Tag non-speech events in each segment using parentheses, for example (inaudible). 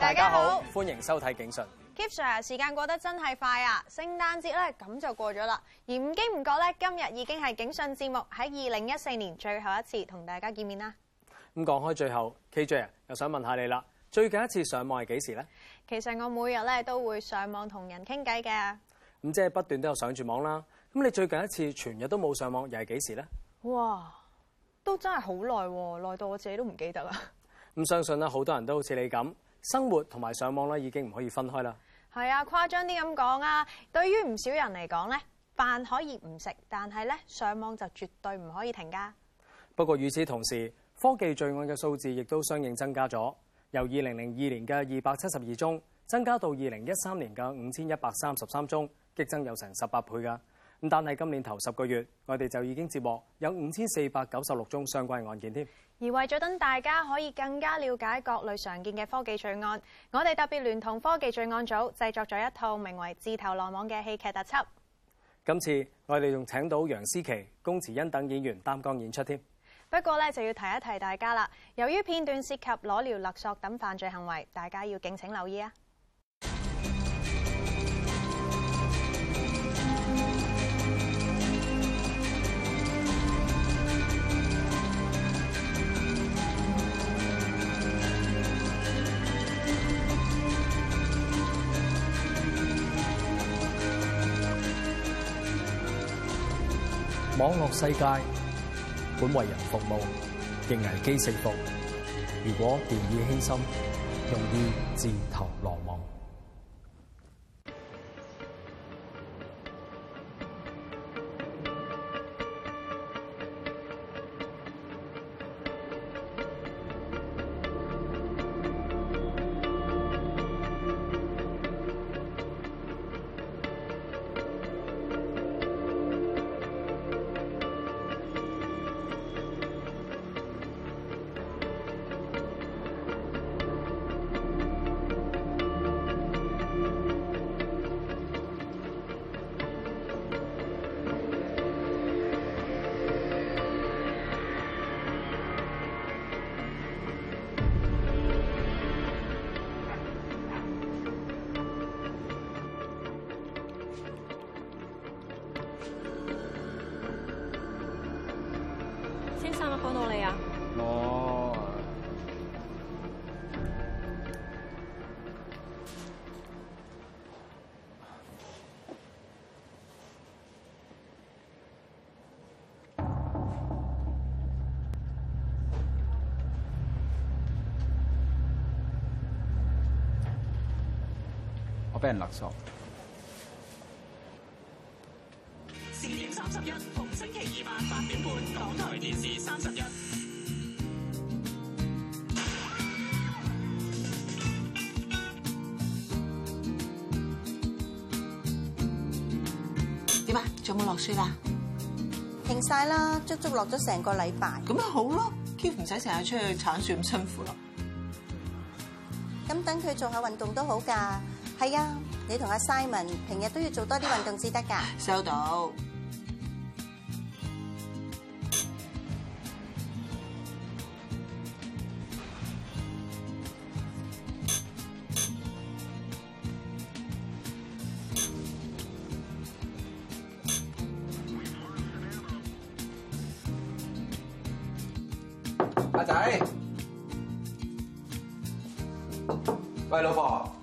大家好，歡迎收睇《警訊》。Keep Sir，時間過得真係快啊，聖誕節咧，咁就過咗啦，而唔經唔覺咧，今日已經係《警訊》節目喺二零一四年最後一次同大家見面啦。咁講開，最後 K J 又想問下你啦。最近一次上網係幾時呢？其實我每日咧都會上網同人傾偈嘅。咁即係不斷都有上住網啦。咁你最近一次全日都冇上網，又係幾時呢？哇！都真係好耐，耐到我自己都唔記得啦。咁相信啦，好多人都好似你咁，生活同埋上網咧已經唔可以分開啦。係啊，誇張啲咁講啊。對於唔少人嚟講咧，飯可以唔食，但係咧上網就絕對唔可以停㗎。不過，與此同時，科技罪案嘅數字亦都相應增加咗。由二零零二年嘅二百七十二宗，增加到二零一三年嘅五千一百三十三宗，激增有成十八倍噶。咁但係今年頭十個月，我哋就已經接獲有五千四百九十六宗相關的案件添。而為咗等大家可以更加了解各類常見嘅科技罪案，我哋特別聯同科技罪案組製作咗一套名為《自投羅網》嘅戲劇特輯。今次我哋仲請到楊思琦、龔慈恩等演員擔綱演出添。不過咧，就要提一提大家啦，由於片段涉及裸聊、勒索等犯罪行為，大家要敬請留意啊！網絡世界。本為人服務，亦危機四伏。如果掉以輕心，容易自投羅網。勒索。四點三十一，同星期二晚八點半，港台電視三十一。點啊？仲有冇落雪啦？停晒啦！足足落咗成個禮拜。咁咪好咯，Q 唔使成日出去鏟雪咁辛苦咯。咁等佢做下運動都好噶。係啊，你同阿 Simon 平日都要做多啲運動先得㗎。收到。阿仔，喂，老婆。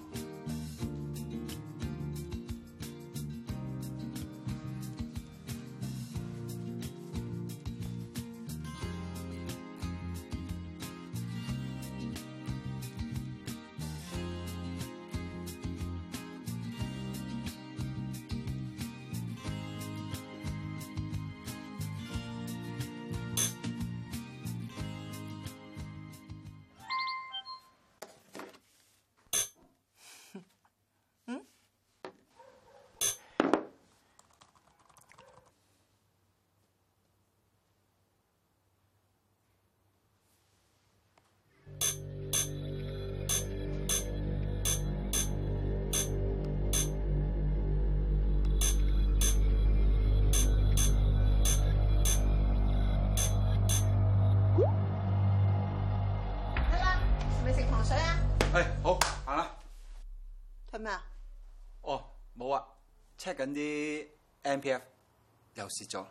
跟啲 MPF 又蝕咗，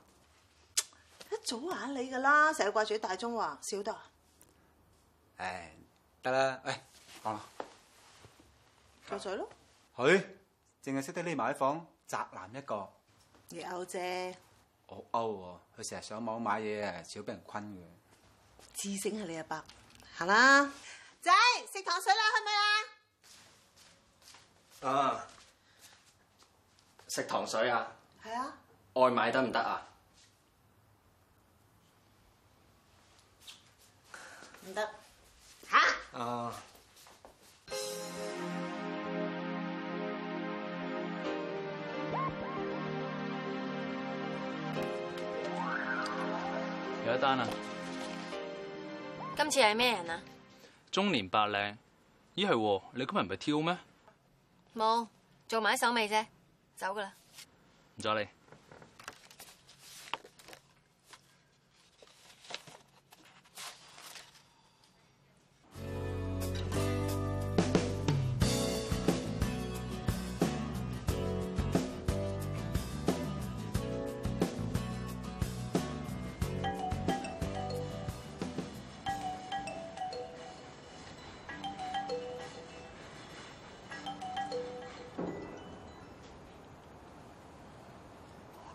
一早話你㗎啦，成日掛住大中華少得，誒得啦，喂好啦，大嘴咯，佢淨係識得匿埋喺房，宅男一個，你勾啫，我勾喎，佢成日上網買嘢啊，少俾人昆佢，智勝係你阿伯，係啦，仔食糖水啦，係咪啊？啊！食糖水啊！係啊，外賣得唔得啊？唔得吓啊！有一單啊！今次係咩人啊？中年白領咦，係你今日唔係挑咩？冇做埋一手未啫？走過來，你走嘞。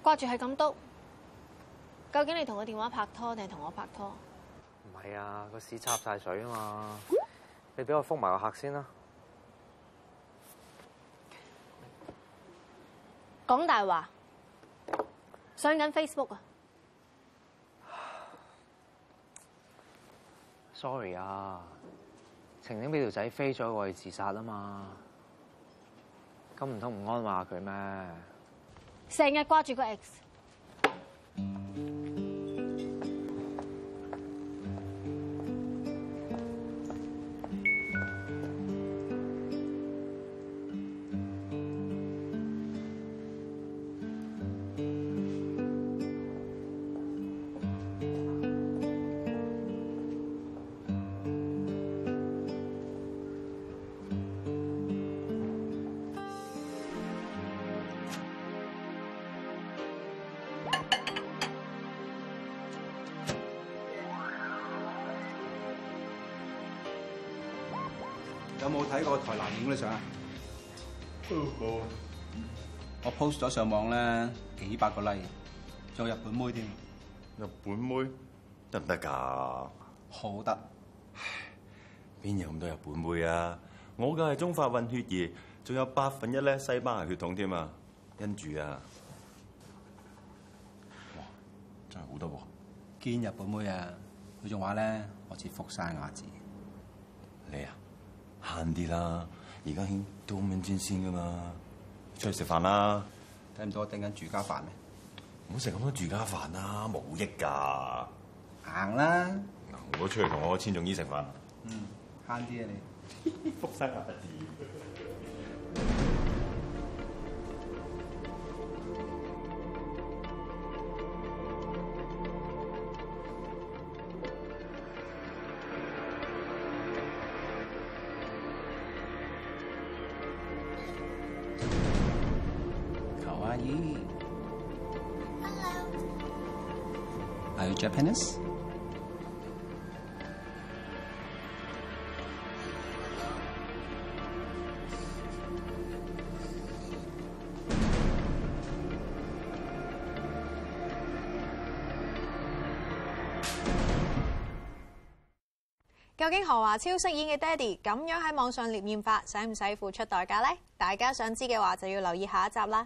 掛住係咁篤，究竟你同個電話拍拖定係同我拍拖？唔係啊，個市插晒水啊嘛！你俾我覆埋個客先啦。講大話，上緊 Facebook 啊！Sorry 啊，晴晴俾條仔飛咗過去自殺啊嘛，咁唔通唔安話佢咩？成日掛住個 X。有冇睇過台南影嗰啲相啊？我 post 咗上網咧幾百個 like，仲有日本妹添。日本妹得唔得噶？行行啊、好得行。邊有咁多日本妹啊？我嘅係中法混血兒，仲有百分一咧西班牙血統添啊。跟住啊，哇，真係好多喎、啊。見日本妹啊，佢仲話咧我似福山雅治。你啊？慳啲啦，而家興都咁樣尖先㗎嘛，出去食飯啦。睇唔到我訂緊住家飯咩？唔好食咁多住家飯啦，冇益㗎。行啦。嗱，我出嚟同我千種衣食飯。嗯，慳啲啊你，福生伯子。究竟何華超飾演嘅爹哋咁樣喺網上獵艷法，使唔使付出代價呢？大家想知嘅話，就要留意下一集啦。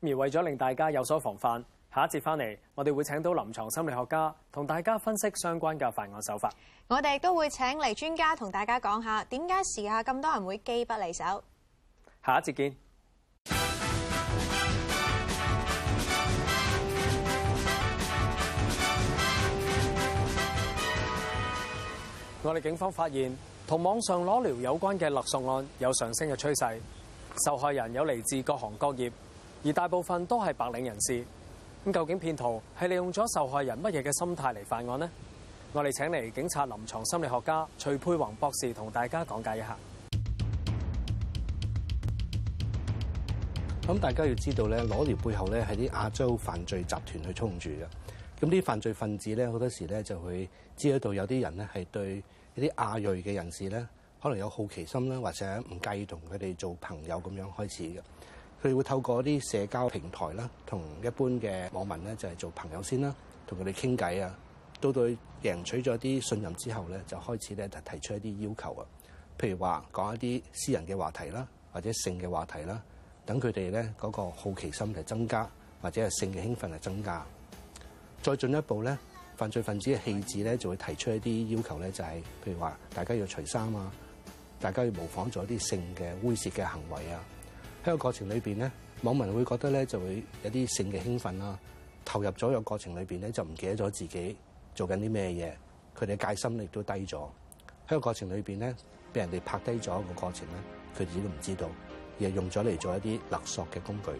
而為咗令大家有所防範。下一節翻嚟，我哋會請到臨床心理學家同大家分析相關嘅犯案手法。我哋都會請嚟專家同大家講下點解時下咁多人會機不離手。下一節見。我哋警方發現，同網上裸聊有關嘅勒索案有上升嘅趨勢，受害人有嚟自各行各業，而大部分都係白領人士。咁究竟騙徒係利用咗受害人乜嘢嘅心態嚟犯案呢？我哋請嚟警察臨床心理學家徐佩宏博士同大家講解一下。咁大家要知道咧，裸聊背後咧係啲亞洲犯罪集團去衝住嘅。咁啲犯罪分子咧，好多時咧就會知道到有啲人咧係對一啲亞裔嘅人士咧，可能有好奇心啦，或者唔介意同佢哋做朋友咁樣開始嘅。佢會透過一啲社交平台啦，同一般嘅網民咧就係做朋友先啦，同佢哋傾偈啊，都到贏取咗啲信任之後咧，就開始咧就提出一啲要求啊。譬如話講一啲私人嘅話題啦，或者性嘅話題啦，等佢哋咧嗰個好奇心嚟增加，或者係性嘅興奮嚟增加。再進一步咧，犯罪分子嘅氣質咧就會提出一啲要求咧，就係譬如話大家要除衫啊，大家要模仿做一啲性嘅猥褻嘅行為啊。喺個過程裏邊咧，網民會覺得咧就會有啲性嘅興奮啦，投入咗喺個過程裏邊咧就唔記得咗自己做緊啲咩嘢，佢哋戒心亦都低咗。喺個過程裏邊咧，俾人哋拍低咗個過程咧，佢自己都唔知道，而係用咗嚟做一啲勒索嘅工具。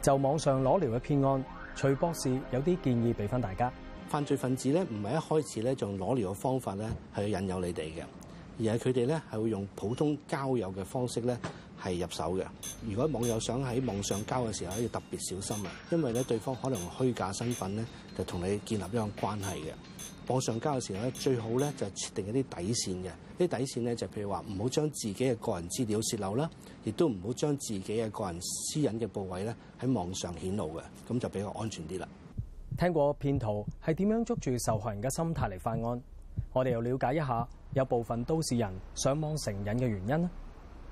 就網上裸聊嘅騙案，徐博士有啲建議俾翻大家。犯罪分子咧唔係一開始咧就用裸聊嘅方法咧係引誘你哋嘅，而係佢哋咧係會用普通交友嘅方式咧，係入手嘅。如果網友想喺網上交嘅時候，要特別小心啊，因為咧對方可能虛假身份咧就同你建立一樣關係嘅。網上交嘅時候咧，最好咧就設定一啲底線嘅。啲底線咧就係譬如話唔好將自己嘅個人資料洩漏啦，亦都唔好將自己嘅個人私隱嘅部位咧喺網上顯露嘅，咁就比較安全啲啦。聽過騙徒係點樣捉住受害人嘅心態嚟犯案？我哋又了解一下有部分都市人上網成癮嘅原因。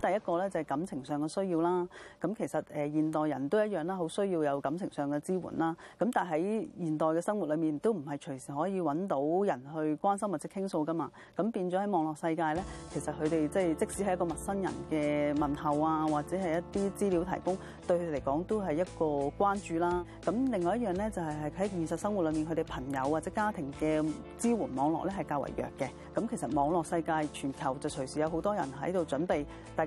第一個咧就係感情上嘅需要啦，咁其實誒現代人都一樣啦，好需要有感情上嘅支援啦。咁但係現代嘅生活裏面都唔係隨時可以揾到人去關心或者傾訴噶嘛。咁變咗喺網絡世界咧，其實佢哋即係即使係一個陌生人嘅問候啊，或者係一啲資料提供，對佢哋嚟講都係一個關注啦。咁另外一樣咧就係喺現實生活裏面佢哋朋友或者家庭嘅支援網絡咧係較為弱嘅。咁其實網絡世界全球就隨時有好多人喺度準備，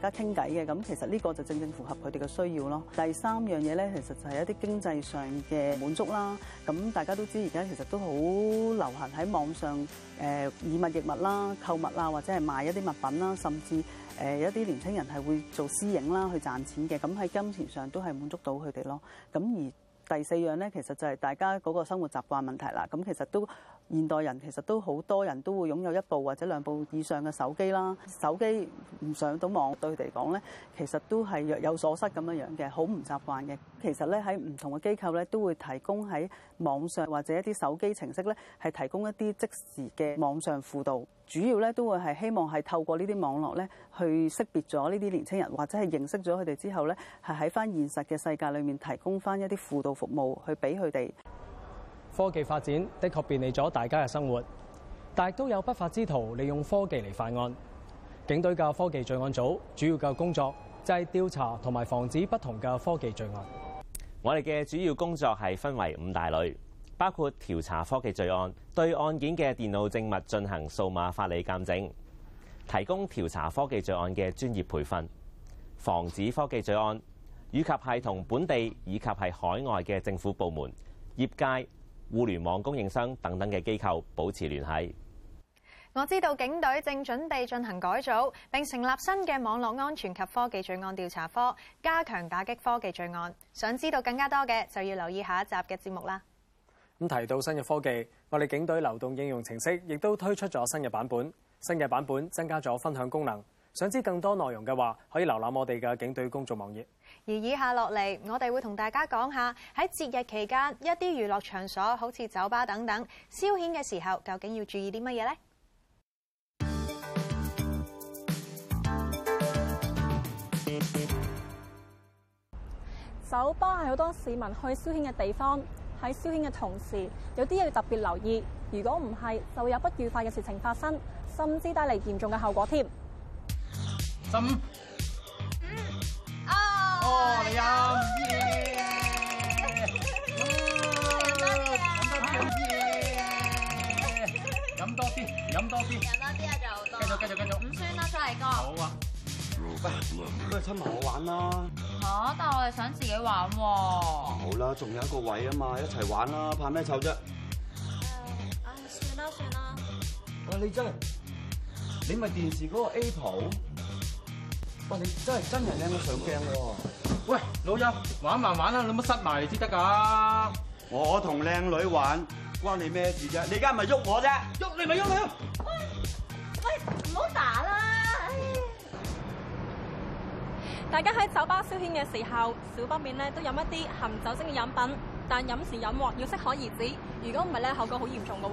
家傾偈嘅咁，其實呢個就正正符合佢哋嘅需要咯。第三樣嘢咧，其實就係一啲經濟上嘅滿足啦。咁大家都知而家其實都好流行喺網上誒、呃、以物易物啦、購物啦，或者係賣一啲物品啦，甚至誒有一啲年輕人係會做私營啦去賺錢嘅。咁喺金錢上都係滿足到佢哋咯。咁而第四樣咧，其實就係大家嗰個生活習慣問題啦。咁其實都。現代人其實都好多人都會擁有一部或者兩部以上嘅手機啦，手機唔上到網對佢哋講呢，其實都係若有所失咁樣樣嘅，好唔習慣嘅。其實呢，喺唔同嘅機構呢，都會提供喺網上或者一啲手機程式呢，係提供一啲即時嘅網上輔導，主要呢，都會係希望係透過呢啲網絡呢，去識別咗呢啲年輕人或者係認識咗佢哋之後呢，係喺翻現實嘅世界裡面提供翻一啲輔導服務去俾佢哋。科技發展的確便利咗大家嘅生活，但係都有不法之徒利用科技嚟犯案。警隊嘅科技罪案組主要嘅工作就係調查同埋防止不同嘅科技罪案。我哋嘅主要工作係分為五大類，包括調查科技罪案、對案件嘅電腦證物進行數碼法理鑒證、提供調查科技罪案嘅專業培訓，防止科技罪案，以及係同本地以及係海外嘅政府部門業界。互聯網供應商等等嘅機構保持聯繫。我知道警隊正準備進行改組，並成立新嘅網絡安全及科技罪案調查科，加強打擊科技罪案。想知道更加多嘅，就要留意下一集嘅節目啦。咁提到新嘅科技，我哋警隊流動應用程式亦都推出咗新嘅版本。新嘅版本增加咗分享功能。想知更多內容嘅話，可以瀏覽我哋嘅警隊公眾網頁。而以下落嚟，我哋會同大家講下喺節日期間一啲娛樂場所，好似酒吧等等消遣嘅時候，究竟要注意啲乜嘢呢？酒吧係好多市民去消遣嘅地方。喺消遣嘅同時，有啲嘢要特別留意。如果唔係，就會有不愉快嘅事情發生，甚至帶嚟嚴重嘅後果添。什？哦，飲多啲，飲多啲，飲多啲啊！就多。繼續，繼續，繼續。唔算啦，再嚟過。好啊，不如不如親埋我玩啦。嚇！但係我哋想自己玩喎。好啦，仲有一個位啊嘛，一齊玩啦，怕咩臭啫？唉，算啦算啦。喂，你真係，你咪電視嗰個 Apple。你真係真係靚女上鏡喎！喂，老友，玩埋玩玩啦，你冇塞埋先得噶。我同靚女玩關你咩事啫？你而家咪喐我啫，喐你咪喐你喂，喂，唔好打啦！大家喺酒吧消遣嘅時候，少不免咧都飲一啲含酒精嘅飲品，但飲時飲要適可而止，如果唔係咧，後果好嚴重噶。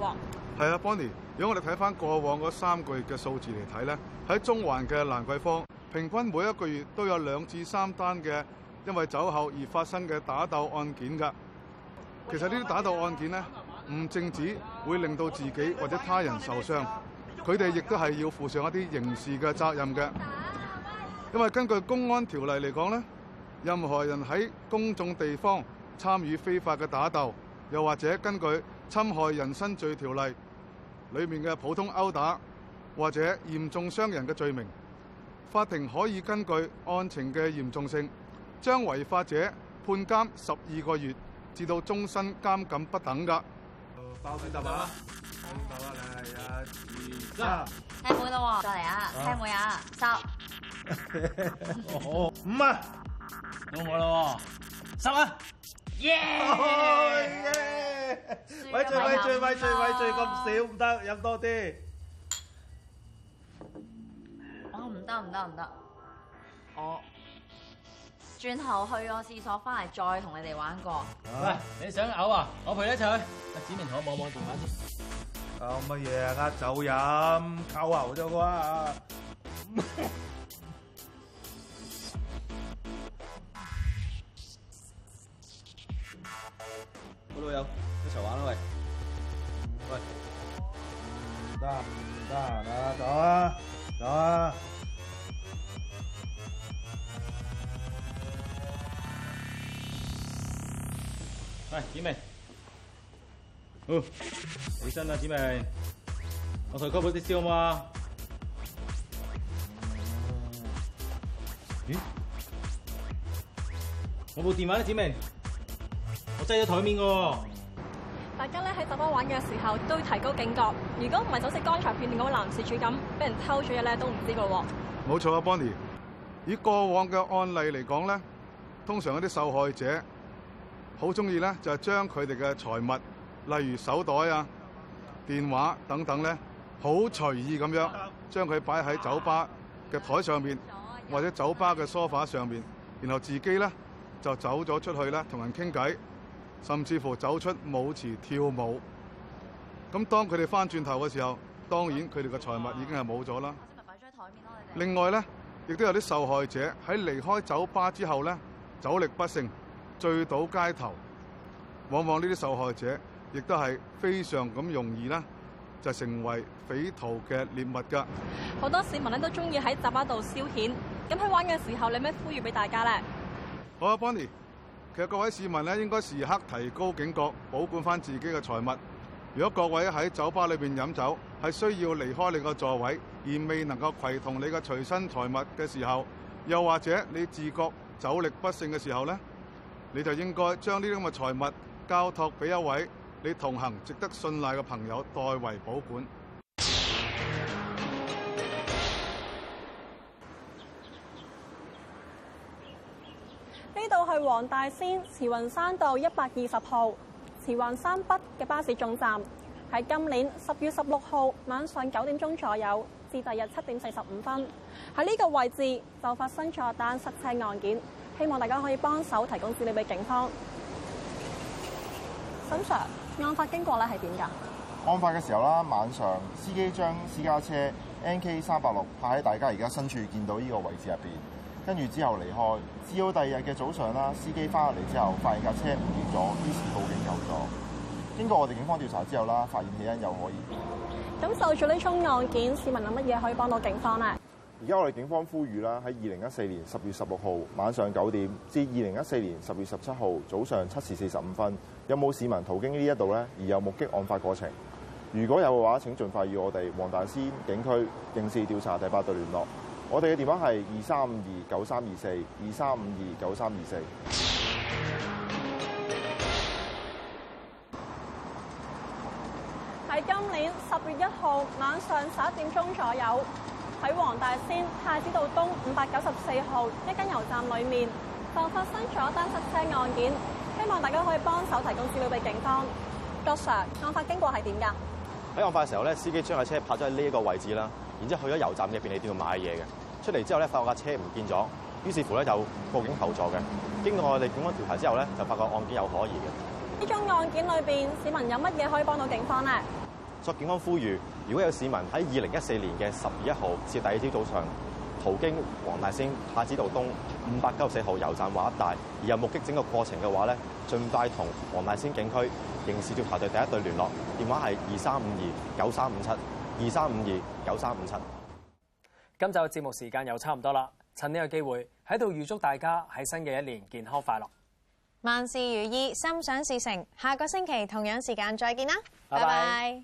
係啊，Bonnie，如果我哋睇翻過往嗰三個月嘅數字嚟睇咧，喺中環嘅蘭桂坊，平均每一個月都有兩至三單嘅因為酒後而發生嘅打鬥案件㗎。其實呢啲打鬥案件咧，唔淨止會令到自己或者他人受傷，佢哋亦都係要負上一啲刑事嘅責任嘅。因為根據公安條例嚟講呢，任何人喺公眾地方參與非法嘅打鬥，又或者根據侵害人身罪條例裏面嘅普通毆打或者嚴重傷人嘅罪名。法庭可以根據案情嘅嚴重性，將違法者判監十二個月至到終身監禁不等噶。包點答嘛？唞下你，一、二、三，聽唔到咯，再嚟啊，聽唔到啊，十，五啊，冇冇咯，十啊，耶！喂，最尾最尾最尾最咁少唔得，飲多啲。得唔得唔得？好，轉頭去個廁所翻嚟再同你哋玩過。啊、喂，你想嘔啊？我陪你一齊去。阿子明同我望望電話先？搞乜嘢？壓酒飲，夠牛 (laughs) 好啩？啊？好老友，一齊玩啦喂！喂，得得得，走啊，走啊！喂、哎，子明，哦、起身啦，子明，我台客冇啲燒嘛？咦，我部電話咧，子明，我掙咗台面個。大家咧喺十波玩嘅時候都要提高警覺，如果唔係，好似剛才片段嗰個男事主咁，俾人偷咗嘢咧，都唔知噶。冇錯啊 Bonnie。以過往嘅案例嚟講咧，通常嗰啲受害者。好中意咧，就係將佢哋嘅財物，例如手袋啊、電話等等咧，好隨意咁樣將佢擺喺酒吧嘅台上面，或者酒吧嘅梳化上面，然後自己咧就走咗出去咧，同人傾偈，甚至乎走出舞池跳舞。咁當佢哋翻轉頭嘅時候，當然佢哋嘅財物已經係冇咗啦。財物擺咗喺台面咯。另外咧，亦都有啲受害者喺離開酒吧之後咧，酒力不勝，醉倒街頭，往往呢啲受害者亦都係非常咁容易啦，就成為匪徒嘅獵物噶。好多市民咧都中意喺酒吧度消遣，咁喺玩嘅時候，你咩呼籲俾大家咧？好啊，Bonnie，其實各位市民咧應該時刻提高警覺，保管翻自己嘅財物。如果各位喺酒吧裏邊飲酒，係需要離開你個座位而未能夠攜同你嘅隨身財物嘅時候，又或者你自覺酒力不勝嘅時候咧？你就應該將呢啲咁嘅財物交託俾一位你同行、值得信賴嘅朋友代為保管。呢度去黃大仙慈雲山道一百二十號慈雲山北嘅巴士總站，喺今年十月十六號晚上九點鐘左右至第二日七點四十五分，喺呢個位置就發生咗一單失車案件。希望大家可以幫手提供資料俾警方。沈 Sir，案發經過咧係點㗎？案發嘅時候啦，晚上司機將私家車 NK386 泊喺大家而家身處見到呢個位置入邊，跟住之後離開。至到第二日嘅早上啦，司機翻入嚟之後發現架車唔見咗，於是報警求助。經過我哋警方調查之後啦，發現起因又可以。咁就住呢宗案件，市民有乜嘢可以幫到警方咧？而家我哋警方呼籲啦，喺二零一四年十月十六號晚上九點至二零一四年十月十七號早上七時四十五分，有冇市民途經呢一度呢？而有目擊案發過程，如果有嘅話，請盡快與我哋黃大仙警區刑事調查第八隊聯絡。我哋嘅電話係二三五二九三二四，二三五二九三二四。喺今年十月一號晚上十一點鐘左右，喺黃大仙太子道東五百九十四號一間油站裏面，就發生咗單失車案件，希望大家可以幫手提供資料俾警方。郭 Sir，案發經過係點噶？喺案發嘅時候咧，司機將架車泊咗喺呢一個位置啦，然之後去咗油站入便便利店度買嘢嘅，出嚟之後咧，發覺架車唔見咗，於是乎咧就報警求助嘅。經過我哋警方調查之後咧，就發覺案件有可疑嘅。呢宗案件裏邊，市民有乜嘢可以幫到警方咧？作警方呼籲。如果有市民喺二零一四年嘅十月一號至第二朝早上途經黃大仙太子道東五百九十四號油站畫一帶而有目擊整個過程嘅話咧，盡快同黃大仙警區刑事調查隊第一隊聯絡，電話係二三五二九三五七二三五二九三五七。今集嘅節目時間又差唔多啦，趁呢個機會喺度預祝大家喺新嘅一年健康快樂，萬事如意，心想事成。下個星期同樣時間再見啦，拜拜。